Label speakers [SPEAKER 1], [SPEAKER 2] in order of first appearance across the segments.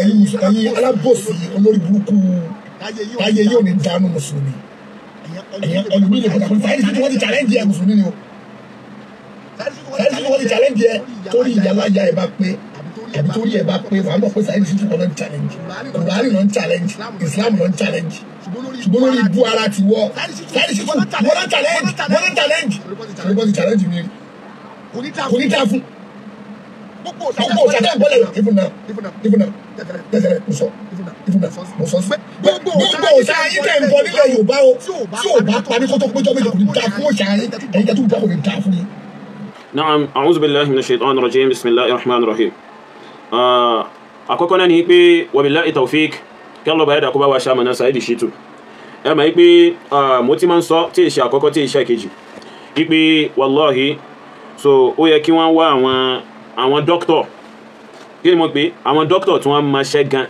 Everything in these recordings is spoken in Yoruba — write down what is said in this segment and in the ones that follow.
[SPEAKER 1] ẹ̀yin ẹ̀yin alábòsí olórí burúkú táyé yóò ní dànù mùsùlùmí ẹ̀yin ẹlòmíì lè kọ́ta fún táyé tí wọ́n ti challenge ẹ̀ mùsùlùmí ni o táyé tí wọ́n ti challenge ẹ̀ torí ìyálàyà ẹ̀ bá pé ẹ̀bí torí ẹ̀ bá pé wàá mọ̀ pé sáyẹ́nsì tí kò lọ́n challenge kùránì lọ́n challenge islam lọ́n challenge ṣùgbọ́n lórí ibú ara ti wọ́ sáyẹ́nsì tí wọ́n lọ́n challenge wọ́n lọ́n challenge olùkọ́ ti challenge mi kò ní ta fún gbogbo òṣà náà gbọ́dọ̀ rà even now even now even now tẹ̀tẹ̀rẹ̀ mo sọ even now even now mo sọ sí. gbogbo òṣà yín tẹ̀ ń bọ nílẹ̀ Yorùbá o tí
[SPEAKER 2] ah, ni pé wa billahi tawfiq kí wọ́n bá yẹ dàkú bá wa ṣàmùnà Saheed Shittu pé mo ti máa ń sọ tí ìṣe àkọ́kọ́ tí ìṣe kejì wípé wallahi so ó yẹ kí wọ́n wá àwọn àwọn dókítọ̀ kí ni mo pè àwọn dókítọ̀ tí wọ́n mọṣẹ́ gan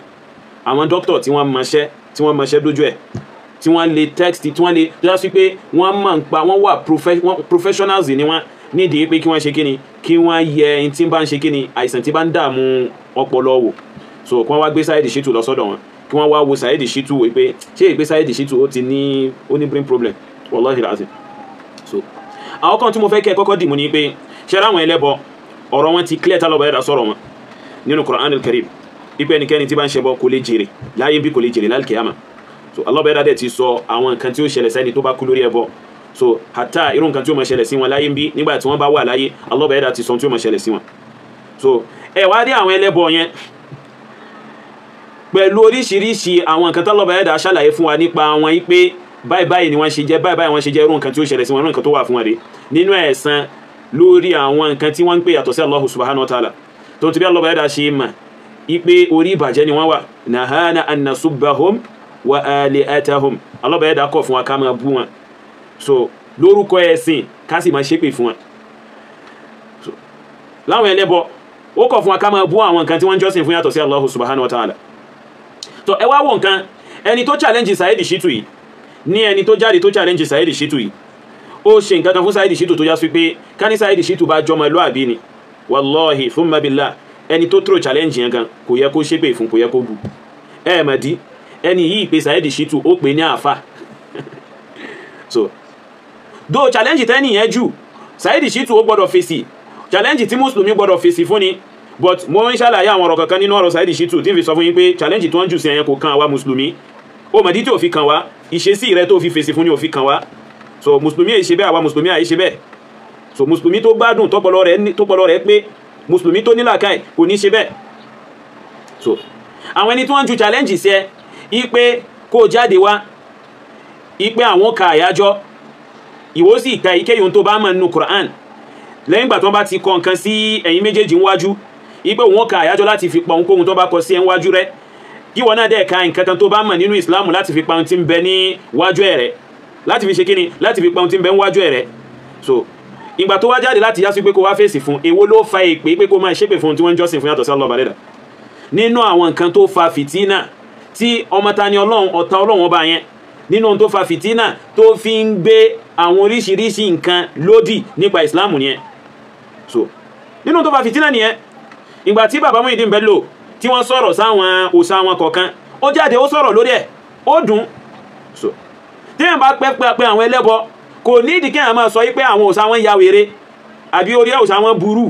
[SPEAKER 2] àwọn dókítọ̀ tí wọ́n mọṣẹ́ tí wọ́n mọṣẹ́ dójú ẹ̀ tí wọ́n lè text tí wọ́n lè tó yá sí pé wọ́n máa ń pa wọ́n wà professionals ni wọ́n nídìí pé kí wọ́n ṣe kí ni kí wọ́n yẹ ẹni tí bá ń ṣe kí ni àìsàn tí bá ń dààmú ọpọlọ wò so kí wọ́n wá gbé Saheed Shittu lọ sọ́dọ̀ wọn kí wọ́n wá wo Saheed Shittu wò pé ṣé ìgbé Saheed Shittu ó ti ní ó ní bring problem wallahi lazim so àwọn kan tí mo fẹ́ kẹ́ kọ́kọ́ dì mú ni pé ṣe ara àwọn ẹlẹ́bọ ọ̀rọ̀ wọn ti clear tálọ́bà ẹ̀dá sọ̀rọ̀ wọn nínú Qur'anul Karim ipe ẹnikẹ́ni tí bá ń ṣẹbọ kò lè jèrè láyé bí kò lè jèrè lálkìyàmà so alọ́bà ẹ̀dá dẹ̀ ti sọ àwọn nǹkan tí ó ṣẹlẹ̀ sẹ́ni tó bá kú lórí ẹbọ so hata irú nǹkan tí ó máa ṣẹlẹ̀ sí wọn láyé bí nígbà tí wọ́n bá wà láyé alọ́bà ẹ̀dá ti sọ tí ó máa ṣẹlẹ̀ sí wọn so ẹ wá dé àwọn ẹlẹ́bọ yẹn pẹ̀lú oríṣiríṣi àwọn nǹkan tọ́lọ́bà ẹ̀dá ṣàlàyé fún wa nípa àwọn yìí pé báyìí báyìí ni wọ́n ṣe jẹ́ báyìí báyìí wọ́n ṣe jẹ́ irú nǹkan tí ó ṣẹlẹ̀ sí wọn irú nǹkan tó wà fún wọn rè nínú ẹ̀san lórí àwọn nǹkan tí wọ́n ń pè yàtọ̀ sí Allahu subhanahu wa ta'ala tó ti bí Allah báyìí dá ṣe mà ipe orí ìbàjẹ́ ni wọ́n wà nahana annasubbahum wa aliatahum Allah báyìí dá kọ̀ fún wa ká máa bú wọn so lórúkọ ẹ̀sìn ká sì máa ṣépè fún wọn láwọn ẹlẹ́bọ ó kọ̀ fún wa ká máa bú àwọn nǹkan tí wọ́n jọ́sìn fún yàtọ̀ sí Allahu subhanahu wa ta'ala So ẹ wá wọ nǹkan ẹni tó challenge Saheed Shittu yìí ní ẹni tó jáde tó challenge Saheed Shittu yìí ó ṣe nǹkan kan fún Saheed Shittu tó já sí pé kání Saheed Shittu bá jọmọ lóàbí ni wàláhì fún mabilá ẹni tó tró challenge yẹn gan kò yẹ kó ṣépè fún kò yẹ kó bu ẹ mà dí ẹni yìí pé Saheed Shittu ó pè ní àáfà so do challenge tẹ́ni yẹn jù Saheed Shittu ó gbọ́dọ̀ fèsì challenge tí mùsùlùmí gbọ́dọ̀ fèsì fún ni but mo ń ṣàlàyé àwọn ọ̀rọ̀ kankan nínú ọ̀rọ̀ Saheed Shittu tí n fi sọ fún yín pé challenge tí wọ́n jù sí ẹ̀yẹn kò kan àwa mùsùlùmí ó mà dí tí ò fi kan wá ìṣesí rẹ tó fi fèsì fún ni ò fi kan wá so mùsùlùmí èyí ṣe bẹ́ẹ̀ àwa mùsùlùmí àyè ṣe bẹ́ẹ̀ so mùsùlùmí tó gbádùn tọpọlọ rẹ̀ tọpọlọ rẹ̀ pé mùsùlùmí tó nílàkàì kò ní ṣe bẹ́ẹ̀ so àwọn ẹni tí wọ́n ń ju challenge sí ẹ ipe kó o jáde wá ipe àwọn ka àyájọ́ ìwọ sì ka ìkéyìí tó bá mọ̀ nínú Quran lẹ́yìn ìgbà tó bá ti kọ nǹkan sí ẹ̀yin méjèèjì ńwájú ipe òun ka àyájọ́ láti fi pa ohunkóhun tó bá kọ sí ẹ ńwájú rẹ kí wọn náà dẹ̀ ka nǹkan kan tó bá mọ̀ nínú Islam láti fi pa ohun tí ń bẹ ní wájú ẹ̀ rẹ̀ láti fi ṣe kíni láti fi pọn tí ń bẹ ń wájú ẹ̀ rẹ̀ so ìgbà tó wá jáde láti yá sí pé kó wá fèsì fún èwo ló fa èpè pé kó máa ṣépè fún tí wọ́n ń jọ́sìn fún yàtọ̀ sí ọlọ́ọ̀bà lẹ́dà nínú àwọn nǹkan tó fa fìtínà tí ọmọ tani ọlọ́run ọ̀tá ọba yẹn nínú ohun tó fa fìtínà tó fi ń gbé àwọn oríṣiríṣi nǹkan lódì nípa ìsìláàmù yẹn so nínú tó fa fìtínà nìyẹn ìgbà tí bàbá Muyideen Bello tí wọ́n sọ̀rọ̀ sáwọn òòṣà wọn kọ̀ọ̀kan ó jáde ó sọ̀rọ̀ lórí ẹ̀ ó dùn so téèyàn bá pẹ́ pẹ́ pé àwọn ẹlẹ́bọ kò nídìí kéèyàn máa sọ wípé àwọn òòṣà wọn ya wèrè àbí orí òòṣà wọn burú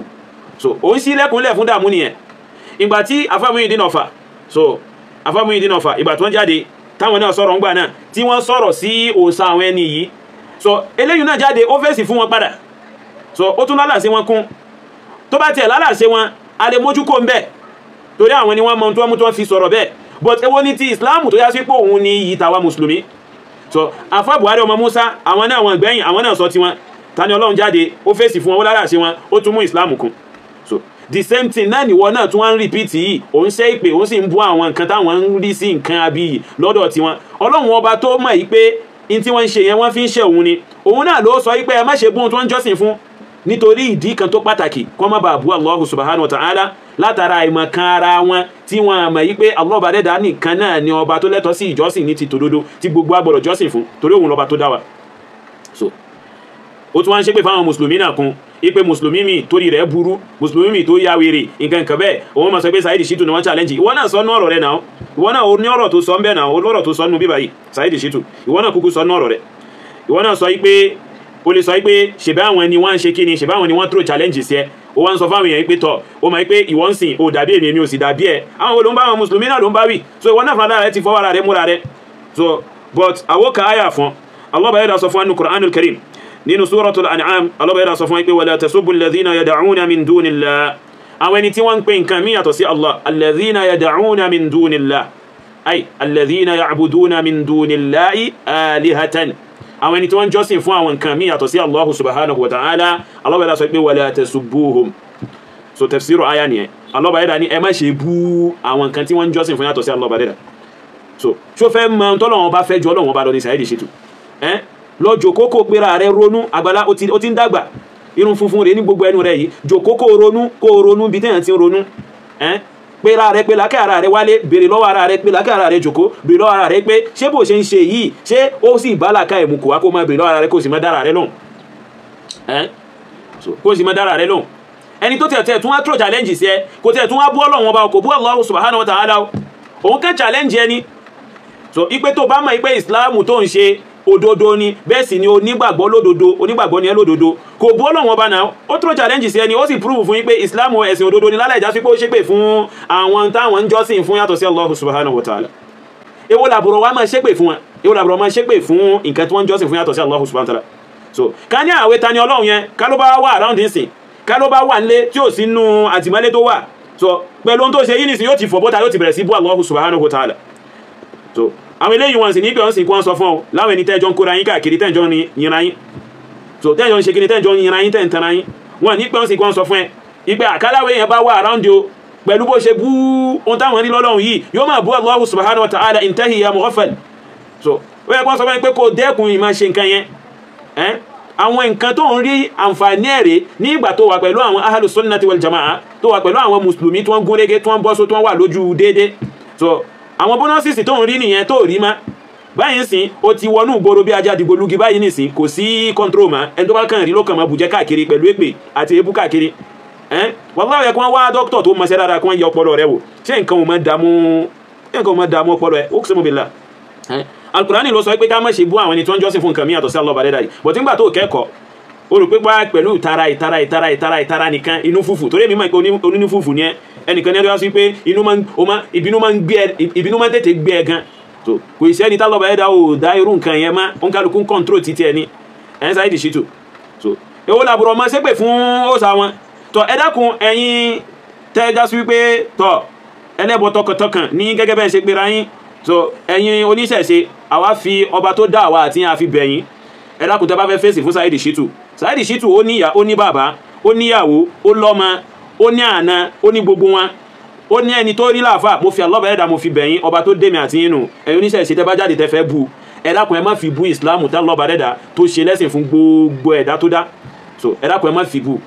[SPEAKER 2] so òun sí lẹ́kùnlẹ̀ fún dààmú nìyẹn ìgbà tí afámúyìndín ọ̀fà so afámúyìndín ọ̀fà ìgbà tí wọ́n jáde táwọn náà sọ̀rọ̀ ńgbà náà tí wọ́n sọ̀rọ̀ sí òòṣà àwọn ẹni yìí so eléyìí náà jáde ó fèsì fún wọn padà so ó tún lálàsí wọn kún tó bá tiẹ̀ lálàsí wọn a lè mójú kó ń bẹ̀ torí àwọn ni wọ́n mọ ohun wọ́n fi sọ̀rọ̀ bẹ́ẹ̀ but èwo ni ti Islam tó yá sí pé òun ni iyì tàwa mùsùlùmí so afa buhari ọmọ musa àwọn náà wọn gbẹ̀yìn àwọn náà sọ tiwọn tani ọlọ́run jáde ó fèsì fún wọn ó lára ṣe wọn ó tún mú islam kún so the same thing náà nìwọ náà tún wá ń repeat yìí òun ṣe ìpè òun sì ń bú àwọn nǹkan táwọn ń rí sí nǹkan abiyì lọ́dọ̀ tiwọn ọlọ́run ọba tó mọ̀ yìí pé n tí wọ́n ń ṣe yẹn wọ́n fi ń ṣe òun ni òun náà ló sọ yìí pé ẹ má ṣe bú tó ń jọ́sìn fún nítorí ìdí kan tó pàtàkì kọ́ má bàa bú allahu subhanahu wa ta'ala látara àìmọ̀ kan ara wọn tí wọn àmọ̀ yìí pé allah ọba dẹ́dà nìkan náà ni ọba tó lẹ́tọ̀ọ́ sí ìjọsìn ní ti tòdodo tí gbogbo agbọ̀dọ̀ jọ́sìn fún torí òun lọ́ba tó dá wa. so ó tún wá ń ṣépè fáwọn mùsùlùmí náà kún ipe mùsùlùmí mi torí rẹ̀ burú mùsùlùmí mi tó ya wèrè nǹkan nǹkan bẹ́ẹ̀ òun máa sọ pé Saheed Shittu ni wọ́n challenge ìwọ náà sọ ní ọ̀rọ̀ rẹ̀ náà ìwọ náà ní ọ̀rọ̀ tó sọ ń bẹ́ẹ̀ náà olórọ̀ tó sọ nù bíbáyìí Saheed Shittu ìwọ náà kúkú sọ ní ọ̀rọ̀ rẹ̀ ìwọ náà sọ yìí pé o lè sọ wípé ṣèbá àwọn ni wọ́n ń ṣe kí ni ṣèbá àwọn ni wọ́n throw challenges yẹ o wá ń sọ fáwọn èèyàn pé tọ̀ o mọ̀ pé ìwọ ń sìn o dàbí èmi èmi ò sì dàbí ẹ̀ àwọn olóńgbà àwọn mùsùlùmí náà ló ń bá wì so ìwọ náà fúnra rẹ ti fọwọ́ ara rẹ múra rẹ so but àwọn kan àyà fún Allah bá yẹ́dà sọ fún anukura anul karim nínú suratul an'am Allah bá yẹ́dà sọ fún ẹ pé wala tasubbu alladhina yad'una min dunillah àwọn ẹni tí wọ́n ń pè nǹkan mí yàtọ̀ sí Allah alladhina yad'una min dunillah ay alladhina ya'buduna min dunillahi alihatan àwọn ẹni tí wọ́n ń jọ́sìn fún àwọn nǹkan míì yàtọ̀ sí Allahu subhanahu wa ta'ala Allah bá sọ pé wala tasubbuhum so tafsiru aya nìyẹn Allah bá dá ní ẹ má ṣe bú àwọn nǹkan tí wọ́n ń jọ́sìn fún yàtọ̀ sí Allah bá dá so tí ó fẹ́ mọ tọ́lọ́wọ́n bá fẹ́ jọ ọlọ́wọ́n bá lọ ní sàyẹ́dì ṣètò ẹ́ lọ́jọ́ kókó gbéra rẹ ronú àgbàlá ó ti ń dàgbà irun funfun rẹ ní gbogbo ẹnu rẹ yìí jòkó kó ronú kó ronú bí téèyàn ti ronú ẹ́ pé ra rẹ pé lákẹ́ ara rẹ wálé béèrè lọ́wọ́ ara rẹ pé lákẹ́ ara rẹ jòkó béèrè lọ́wọ́ ara rẹ pé ṣé bó ṣe ń ṣe yìí ṣé ó sì bá làkà ẹ̀mú kò wá kó máa béèrè lọ́wọ́ ara rẹ kó sì máa dára rẹ lóhùn kó sì máa dára rẹ lóhùn ẹni tó tẹ̀ tún wá tró challenge sí ẹ kò tẹ̀ tún wá bú Ọlọ́run ọba kò bú Allah subhanahu wa ta'ala òun kẹ́ challenge ẹni so ipe tó bá mọ̀ ipe Islam tó ń ṣe òdodo ni bẹ́ẹ̀ sì ni onígbàgbọ́ lódodo onígbàgbọ́ ni ẹ lódodo kò bú Ọlọ́run Ọba náà ó tún challenge sí ẹni ó sì prove fún yín pé Islam ẹ̀sìn òdodo ni lálẹ́ ìjásí pé ó ṣépè fún àwọn táwọn ń jọ́sìn fún yàtọ̀ sí Allah subhanahu wa ta'ala èwo làbùrọ̀ wa máa ṣépè fún wa èwo làbùrọ̀ máa ṣépè fún nǹkan tí wọ́n ń jọ́sìn fún yàtọ̀ sí Allah subhanahu wa ta'ala so ká ní àwẹ̀ ta ni Ọlọ́run yẹn ká ló bá wà around nsìn ká ló bá wà nílé tí ò sí nú àtìmọ́lé tó wà so pẹ̀lú ohun tó ṣe yìí nìsín yóò ti fọ̀ bọ́ta yóò ti bẹ̀rẹ̀ sí bú Allah subhanahu wa ta'ala so àwọn eléyìí wọn sì ní ìgbẹ́ wọn sì kí wọ́n sọ fún ọ láwọn ẹni tẹ́jọ́ ń kóra yín káàkiri tẹ́jọ́ ń yinra yín so tẹ́jọ́ ń ṣe kíni tẹ́jọ́ ń yinra yín tẹ́ǹ tanra yín wọn ní ìgbẹ́ wọn sì kí wọ́n sọ fún ẹ ìgbẹ́ àkáláwé yẹn bá wà around o pẹ̀lú bó ṣe bú ohun táwọn ní lọ́lọ́run yìí yóò máa bú Allahu subhanahu wa ta'ala intahi ya mughafal so ó yẹ kí wọ́n sọ fún ẹ pé kó dẹ́kun ìmọ̀ ṣe nǹkan yẹn àwọn nǹkan tó ń rí àǹfààní ẹ̀rẹ́ nígbà tó wà pẹ̀lú àwọn ahlu sunnati wal jama'a tó wà pẹ̀lú àwọn mùsùlùmí tó ń gúnrégé tó ń bọ́sọ tó wà lójú déédéé so àwọn bónọ́sìsì tó ń rí nìyẹn tó rí má báyìí ń sìn ó ti wọnú ìgboro bí ajá dìgbòlugi báyìí nìsín kò sí kọ́ńtró mọ́ ẹni tó bá kàn rí ló kàn máa bùjẹ́ káàkiri pẹ̀lú èpè àti èébú káàkiri ẹn wàláwẹ̀ kí wọ́n wá dókítọ̀ tó mọṣẹ́ dáadáa kí wọ́n yẹ ọpọlọ rẹ wò ṣé nǹkan ò máa dààmú nǹkan ò máa dààmú ọpọlọ ẹ ó kì í sẹ́mu bìlà alukurani ló sọ pé ká má ṣe bú àwọn ẹni tí wọ́n jọ́sìn fún nǹkan míyàtọ̀ sí alọ́ba dẹ́dà yìí bọ̀tí ńgbà tó kẹ́kọ̀ọ́ o rò pé wá pẹ̀lú ìtara ìtara ìtara ìtara ìtara nìkan inú fùfù torí èmi mọ̀ pé onínú fùfù ni ẹ ẹnìkan ní ẹjọ́ sí pé inú máa ìbínú máa ń gbé ẹ ìbínú máa ń tètè gbé ẹ gan tó kò sí ẹni tálọ́ba ẹ̀dá ò dá irú nǹkan yẹn má ó ń kálukú ń kọ́ńtró títí ẹni ẹ̀ ń sáyédì ṣètò so èwo làbúrò ọmọ ṣépè fún òòsà wọn tọ ẹ dákun ẹ̀yin tẹ́ ẹ gásù wípé tọ ẹlẹ́bọ tọkàntọkàn ní gẹ́gẹ́ bẹ́ẹ̀ ṣe pera yín so ẹ̀yin oníṣẹ̀ṣe àwa fi ọba tó dá àwa àti yẹn àfi bẹ̀yìn ẹ dákun tẹ́ bá fẹ́ fèsì fún sáyédì ṣètò Saheed Shittu ó ní ìyá ó ní bàbá ó níyàwó ó lọ́mọ ó ní àna ó ní gbogbo wọn ó ní ẹni tó rí láàfà mo fi àlọ́bà ẹ̀dá mo fi bẹ̀yìn ọba tó dèmi àti yín nù ẹ̀yin oníṣẹ́ ìṣe tẹ́ bá jáde tẹ́ fẹ́ bu ẹ dákun ẹ má fi bu ìsìláàmù tá lọ́ba ẹ̀dá tó ṣe lẹ́sìn fún gbogbo ẹ̀dá tó dá so ẹ dákun ẹ má fi bu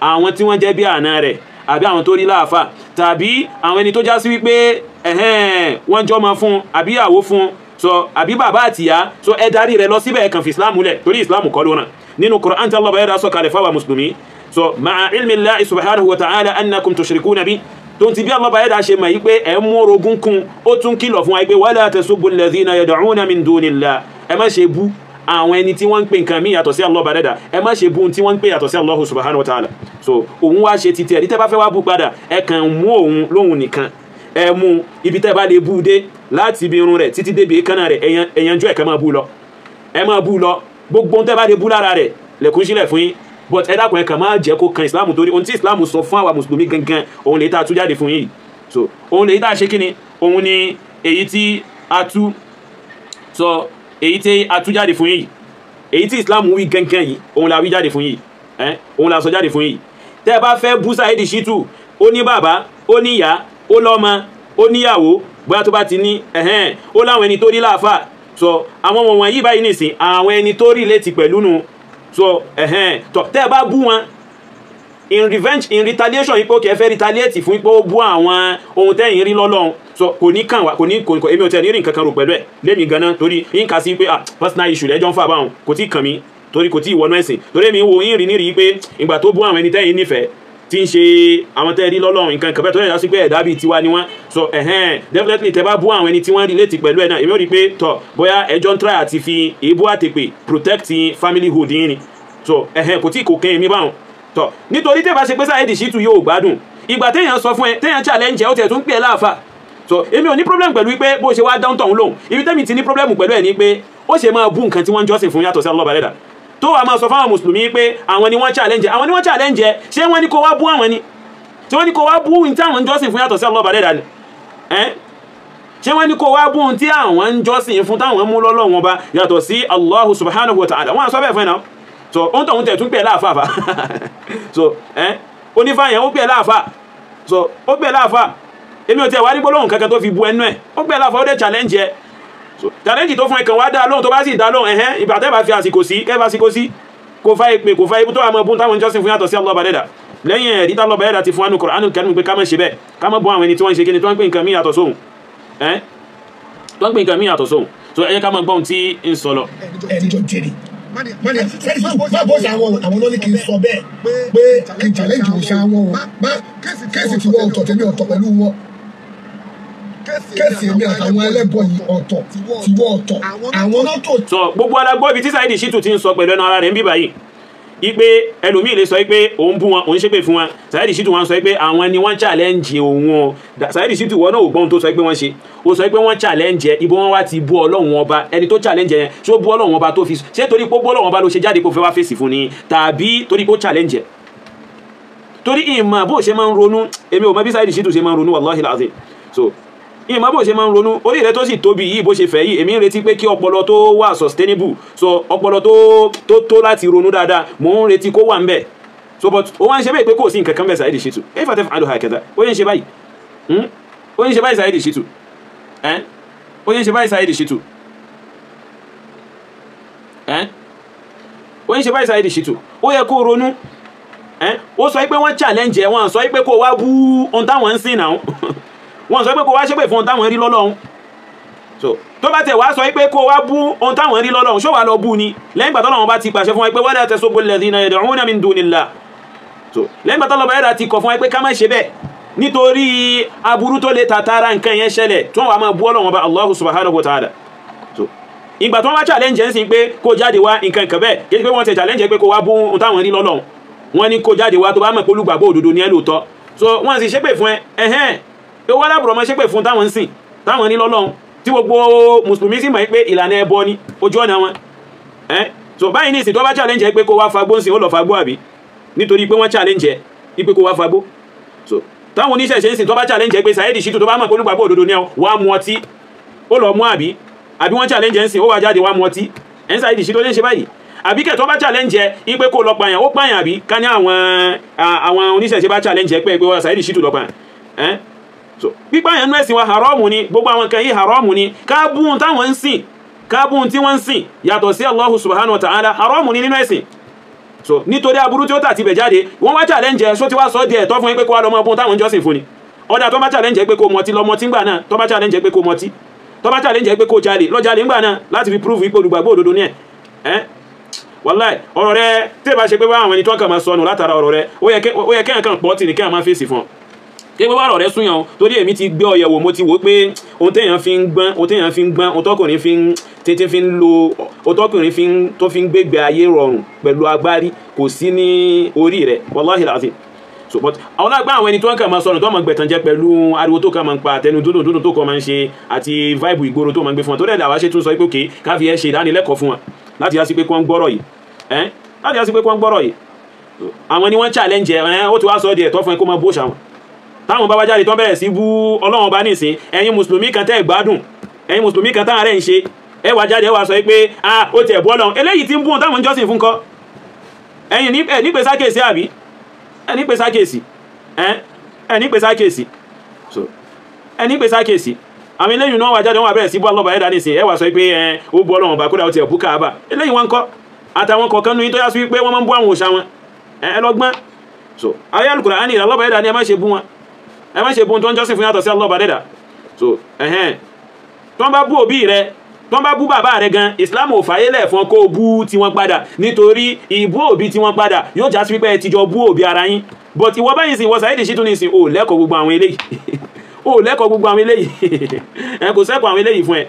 [SPEAKER 2] àwọn tí wọ́n jẹ́ bí àna rẹ̀ àbí àwọn tó rí láàfà tàbí àwọn ẹni tó já sí wípé ẹ̀hẹ́n wọ́n jọ́ máa fún àbí fún so àbí bàbá àtìyá so ẹ darí rẹ lọ síbẹ̀ ẹ kàn fi islam lẹ̀ torí islam kọ́ lónà nínú Qur'an tí Allah bá yẹra sọ kalẹ̀ fáwọn mùsùlùmí so ma'a ilmi Allahi subhanahu wa ta'ala annakum tushrikuna bi tó ti bí Allah bá yẹra ṣe mọ̀ yí pé ẹ mú orogún kun ó tún kìlọ̀ fún wa yí pé wala tasubbu alladhina yad'una min dunillah ẹ má ṣe bú àwọn ẹni tí wọ́n ń pè nǹkan mí yàtọ̀ sí Allah bàdẹ́dà ẹ má ṣe bú tí wọ́n ń pè yàtọ̀ sí Allah subhanahu wa so òun wá ṣe titi ẹ̀ ní tẹ́ bá fẹ́ wá bú padà ẹ kàn mú òun lóhun nìkan ẹ mú ibi tẹ́ bá lè bú u dé láti ibi irun rẹ̀ títí débi èékánná rẹ̀ ẹ̀yànjú ẹ̀kẹ́ máa bú u lọ ẹ máa bú u lọ gbogbo tẹ́ bá lè bú lára rẹ̀ lẹ̀kún sílẹ̀ fún yín but ẹ dákun ẹ kàn máa jẹ́ kó kan islam torí ohun tí islam sọ fún àwa mùsùlùmí gangan òun lè tá a jáde fún yìí so òun lè tá a ṣe kí ni òun ni èyí tí a tú sọ èyí tí a tú jáde fún yìí èyí tí islam wí gangan yìí òun la wí jáde fún yìí òun la sọ jáde fún yìí tẹ́ ẹ bá fẹ́ bú Saheed Shittu ó ní bàbá ó ní ìyá ó lọ́mọ ó níyàwó bóyá tó bá ti ní ẹ̀hẹ́n ó láwọn ẹni tó rí láàfà sọ àwọn ọmọ wọn yìí báyìí nìsín àwọn ẹni tó rí létí pẹ̀lú nu sọ ẹ̀hẹ́n tọ́ tẹ́ bá bú wọn in revenge in retaliation yìí pé òkè retaliate fún pé bú àwọn ohun tẹ́yìn rí lọ́lọ́run so kò ní kàn wá kò ní kò èmi ò tẹ̀ ní rí rò pẹ̀lú ẹ̀ lémi ganan torí yín kà sí pé ah personal issue lẹ́jọ́ ń fà báwọn kò tí kàn mí torí kò tí ì ẹ̀sìn torí èmi wo yín rí ní pé ìgbà tó bú àwọn ẹni tẹ́yìn nífẹ̀ẹ́ tí ń ṣe àwọn tẹ́ ẹ rí lọ́lọ́run nǹkan kan bẹ́ẹ̀ tó yẹ lásìkò ẹ̀dá bíi tiwa ni wọ́n so ẹ̀hẹ́n definitely tẹ́ bá bú àwọn ẹni tí wọ́n relate pẹ̀lú ẹ̀ náà èmi ò rí i pé tọ̀ bóyá ẹjọ́ ń try àti fi èébú àtèpè protect family hood yín ni so ẹ̀hẹ́n kò tí kò kẹ́ èmi báwọn tọ̀ nítorí tẹ́ bá ṣe pé Saheed Shittu yóò gbádùn ìgbà téèyàn sọ fún ẹ téèyàn challenge ẹ ó tiẹ̀ tún pè é láàfà so èmi ò ní problem pẹ̀lú pé bó ṣe wá dáńtọ̀ ń lòun ibi tẹ́mi ti ní problem pẹ̀lú ẹ̀ ni pé ó ṣe máa bú nǹkan tí wọ́n ń jọ́sìn fún yàtọ̀ sí Allah balẹ̀dà tó wàá máa sọ fáwọn mùsùlùmí pé àwọn ni wọ́n challenge àwọn ni wọ́n challenge ṣé wọ́n ní kó wá bú àwọn ni ṣé wọ́n ní kó wá bú ohun tí àwọn ń jọ́sìn fún yàtọ̀ sí ọlọ́ọ̀bà dẹ́dà ni ṣé wọ́n ní kó wá bú ohun tí àwọn ń jọ́sìn fún táwọn mú lọ́lọ́ wọn bá yàtọ̀ sí Allahu subhanahu wa ta'ala wọ́n á sọ bẹ́ẹ̀ fún ẹ̀ náà so ohun tó ń tẹ̀ tún pẹ̀ láàfáàfà so onífàyàn ó pẹ̀ láàfà so ó pẹ̀ láàfà èmi ò tiẹ̀ wá ní gbólóhùn kankan tó fi bu ẹnu ẹ̀ ó pẹ̀ láàfà ó dẹ̀ challenge ẹ̀ challenge tó fún ẹ̀kàn wá dá lóhùn tó bá sì dá lóhùn ẹ̀hẹ́n ìbàtẹ́ bá fi àsìkò sí kẹ́ bá síkó sí kò fa ìpè kò fa ibú tó àmọ́ bú táwọn jọ́sìn fún yàtọ̀ sí Allah bàdẹ́dà lẹ́yìn ẹ̀rí tá lọ́ba ẹ̀dà ti fún anú Qur'anul Karim pé ká má ṣe bẹ́ẹ̀ ká má bọ́ àwọn ẹni tí wọ́n ń ṣe kí ni tí wọ́n ń pè nǹkan míì yàtọ̀ sóhun ẹ́ tí wọ́n ń pè nǹkan míì yàtọ̀ sóhun so ẹ jẹ́ ká má gbọ́ ohun tí ń sọ lọ. ẹni tó jèrè
[SPEAKER 1] má bọ́ sí àwọn àwọn olórí kì í sọ bẹ́ẹ̀ pé kì í challenge o kẹ́sì tí wọ́n ọ̀tọ̀ tẹ̀lé kẹ́sì èmi àtàwọn ẹlẹ́bọ̀ yìí ọ̀tọ̀ tiwọ́ ọ̀tọ̀ àwọn tó.
[SPEAKER 2] sọ gbogbo alágbó ibi tí Saheed Shittu ti ń sọ pẹ̀lú ẹnu ara rẹ̀ ń bíbá yìí ipe ẹlòmíì lè sọ pé òun bú wọn òun ṣépè fún wọn Saheed Shittu wọn sọ pé àwọn ni wọn challenge òun o Saheed Shittu wọn náà ò gbọ́n tó sọ pé wọ́n ṣe ó sọ pé wọ́n challenge ẹ ibo wọn wá ti bú ọlọ́run ọba ẹni tó challenge yẹn ṣó bú ọlọ́run ọba tó fi ṣé torí pé bú ọlọ́run ọba ló ṣe jáde kó fẹ́ wá fèsì fún ni tàbí torí pé ó challenge ẹ torí ìmọ̀ bó ṣe máa ń ronú èmi ò mọ bí Saheed Shittu ṣe máa ń ronú wàláhìláàzì so ìmọ̀ bó ṣe máa ń ronú orí rẹ tó sì tóbi yìí bó ṣe fẹ̀ yìí èmi ń retí pé kí ọpọlọ tó wà sustainable so ọpọlọ tó tó láti ronú dáadáa mò ń retí kó wà ń bẹ̀ so but ó wá ń ṣe bẹ́ẹ̀ pé kò sí nǹkan kan bẹ̀ Saheed Shittu ẹ fàtẹ́ fàdó ha kẹta ó yẹn ṣe báyìí hmm? ó yẹn ṣe báyìí Saheed Shittu ẹ ó yẹn ṣe báyìí Saheed Shittu ẹ ó yẹn ṣe báyìí Saheed Shittu ó yẹ kó ronú ẹ ó sọ pé wọ́n challenge ẹ̀ wọ́n sọ pé kó wá bú ohun táwọn ń sìn náà wọn sọ pé kó wá ṣépè fún ohun táwọn rí lọ́lọ́run so tó bá tẹ̀ wá sọ pé kó wá bú ohun táwọn rí lọ́lọ́run ṣó wà lọ bú ni lẹ́yìn gbàtọ́ lọ́wọ́ bá ti pàṣẹ fún wa pé wọ́n dà tẹ̀sọ́ bolẹ̀ ní ẹ̀dọ̀ òun náà mi lẹ́yìn gbàtọ́ lọ́wọ́ bá ìgbà tí wọ́n bá challenge ń sìn pé kó jáde wá nǹkan kan bẹ́ẹ̀ pé wọ́n ti challenge pé kó wá bú ohun táwọn rí lọ́lọ́run wọ́n ní kó jáde wá tó bá mọ̀ pé olùgbàgbọ́ òdodo ni so wọ́n sì ṣépè fún ẹ ẹ̀hẹ́n tó wá lábùrọ̀ mọ́ ṣépè fún táwọn ń sìn táwọn ní lọ́lọ́run tí gbogbo mùsùlùmí sì mọ̀ pé ìlànà ẹbọ ni ojú ọ̀nà wọn ẹ́ so báyìí ní ìsìn tó bá challenge ẹ pé kó wá fagbó ń sìn ó lọ fagbó àbí nítorí pé wọ́n challenge ẹ ipe kó wá fagbó so táwọn oníṣẹ̀ṣe ń sìn tó bá challenge ẹ pé Saheed Shittu tó bá mọ̀ pé olùgbàgbọ́ òdodo ni wà mú ọtí ó lọ mú àbí àbí wọ́n challenge ń sìn ó wà jáde wà mú ọtí ẹ̀ ń Saheed Shittu ló ń ṣe báyìí àbí kẹ̀ tó bá challenge ẹ ipe kó lọ pààyàn ó pààyàn àbí ká ní àwọn oníṣẹ̀ṣe bá challenge pé pé wọ́n Saheed Shittu lọ pààyàn so pípa yẹn nú ẹ̀sìn wa haramu ni gbogbo àwọn kan yìí haramu ni káàbùn táwọn ń sìn káàbùn tí wọ́n ń sìn yàtọ̀ sí Allahu subhanahu wa ta'ala haramu ni nínú ẹ̀sìn so nítorí aburú tí ó tà ti bẹ̀ jáde wọ́n wá challenge ẹ̀ só ti wá sọ díẹ̀ tọ́ fún yín pé kó wá lọ́mọ ọbùn táwọn jọ́sìn fún ni ọ̀dà tó bá challenge ẹ pé kó mọtí lọ́mọtí ńgbà náà tó bá challenge ẹ pé kó mọtí tó bá challenge ẹ pé kó jalè lọ́jalè ńgbà náà láti fi prove ipò olùgbàgbọ́ òdodo ní ẹ̀ wàláì ọ̀rọ̀ rẹ tẹ́ẹ̀ bá ṣe pé báwọn ẹni tó kàn máa sọnù látara ọ̀rọ̀ rẹ ó yẹ kẹ́hìn kan pọ̀ tì ní kẹ́hìn máa fèsì fún ọ kí gbogbo ọ̀rọ̀ rẹ súnyàn o torí èmi ti gbé ọyẹ̀wò mo ti wò pé ohun téèyàn fi ń gbọ́n ohun téèyàn fi ń gbọ́n ohun tọkùnrin fi ń tètè fi ń lo ohun tọkùnrin fi ń tó fi ń gbégbé ayé rọrùn pẹ̀lú agbárí kò sí ní orí rẹ̀ wàláhì láti so but àwọn àgbà àwọn ẹni tó ń kà máa sọ̀rọ̀ tó máa gbẹ̀tàn jẹ́ pẹ̀lú ariwo tó kà máa ń pa àtẹnu dúndùn dúndùn tó kọ́ máa ń ṣe àti vibe ìgboro tó máa ń gbé fún wọn tó dẹ̀ dàwa ṣe tún sọ pé òkè káfí ẹ ṣe ìdánilẹ́kọ̀ọ́ fún wọn láti yá sí pé kí wọ́n gbọ́rọ̀ yìí láti yá sí pé kí wọ́n gbọ́rọ̀ yìí àwọn ni wọ́n challenge ẹ̀ ó ti wá sọ ọ́ di ẹ̀tọ́ fún ẹ kó máa bóṣà wọn táwọn bá wá jáde tán bẹ̀rẹ̀ sí bú ọlọ́run ọba nísìn ẹ̀yin mùsùlùmí kan tẹ́ gbádùn ẹ̀yin mùsùlùmí kan táwọn rẹ̀ ń ṣe ẹ wá jáde ẹ wá sọ pé ah ó tiẹ̀ bú ọlọ́run eléyìí ti ń bú táwọn ń fún kọ́ ẹ̀yin nípe sákèsí àbí ẹ̀ sákèsí ẹ̀ sákèsí ẹ̀ sákèsí àwọn eléyìí náà wá jáde wọn wá bẹ̀rẹ̀ sí bú ọlọ́run ọba ẹ̀dá nísìn ẹ wá sọ pé ó bú ọlọ́run ọba kódà ó tiẹ̀ bú káàbà eléyìí wọn kọ́ àtàwọn kọ̀ọ̀kan nu yín sí wípé wọ́n máa ń bú àwọn òòṣà wọn ẹ lọ́gbọ́n so ayé alukura á ní ìrànlọ́bàá ẹ̀dá ni ẹ má ṣe bú wọn ẹ má ṣe bóun tó ń jọ́sìn fún yàtọ̀ sí Allah dẹ́dà so ẹ̀hẹ́n tó ń bá bú òbí rẹ tó ń bá bú bàbá rẹ gan islam ò fàyè lẹ̀ fún ọ kó o bú tiwọn padà nítorí ìbú òbí tiwọn padà yóò já sí pé ẹ ti jọ bú òbí ara yín but ìwọ báyìí sìn wọ Saheed Shittu ní sìn ò lẹ́kọ̀ọ́ gbogbo àwọn eléyìí ò lẹ́kọ̀ọ́ gbogbo àwọn eléyìí ẹ kò sẹ́kọ̀ọ́ àwọn eléyìí fún ẹ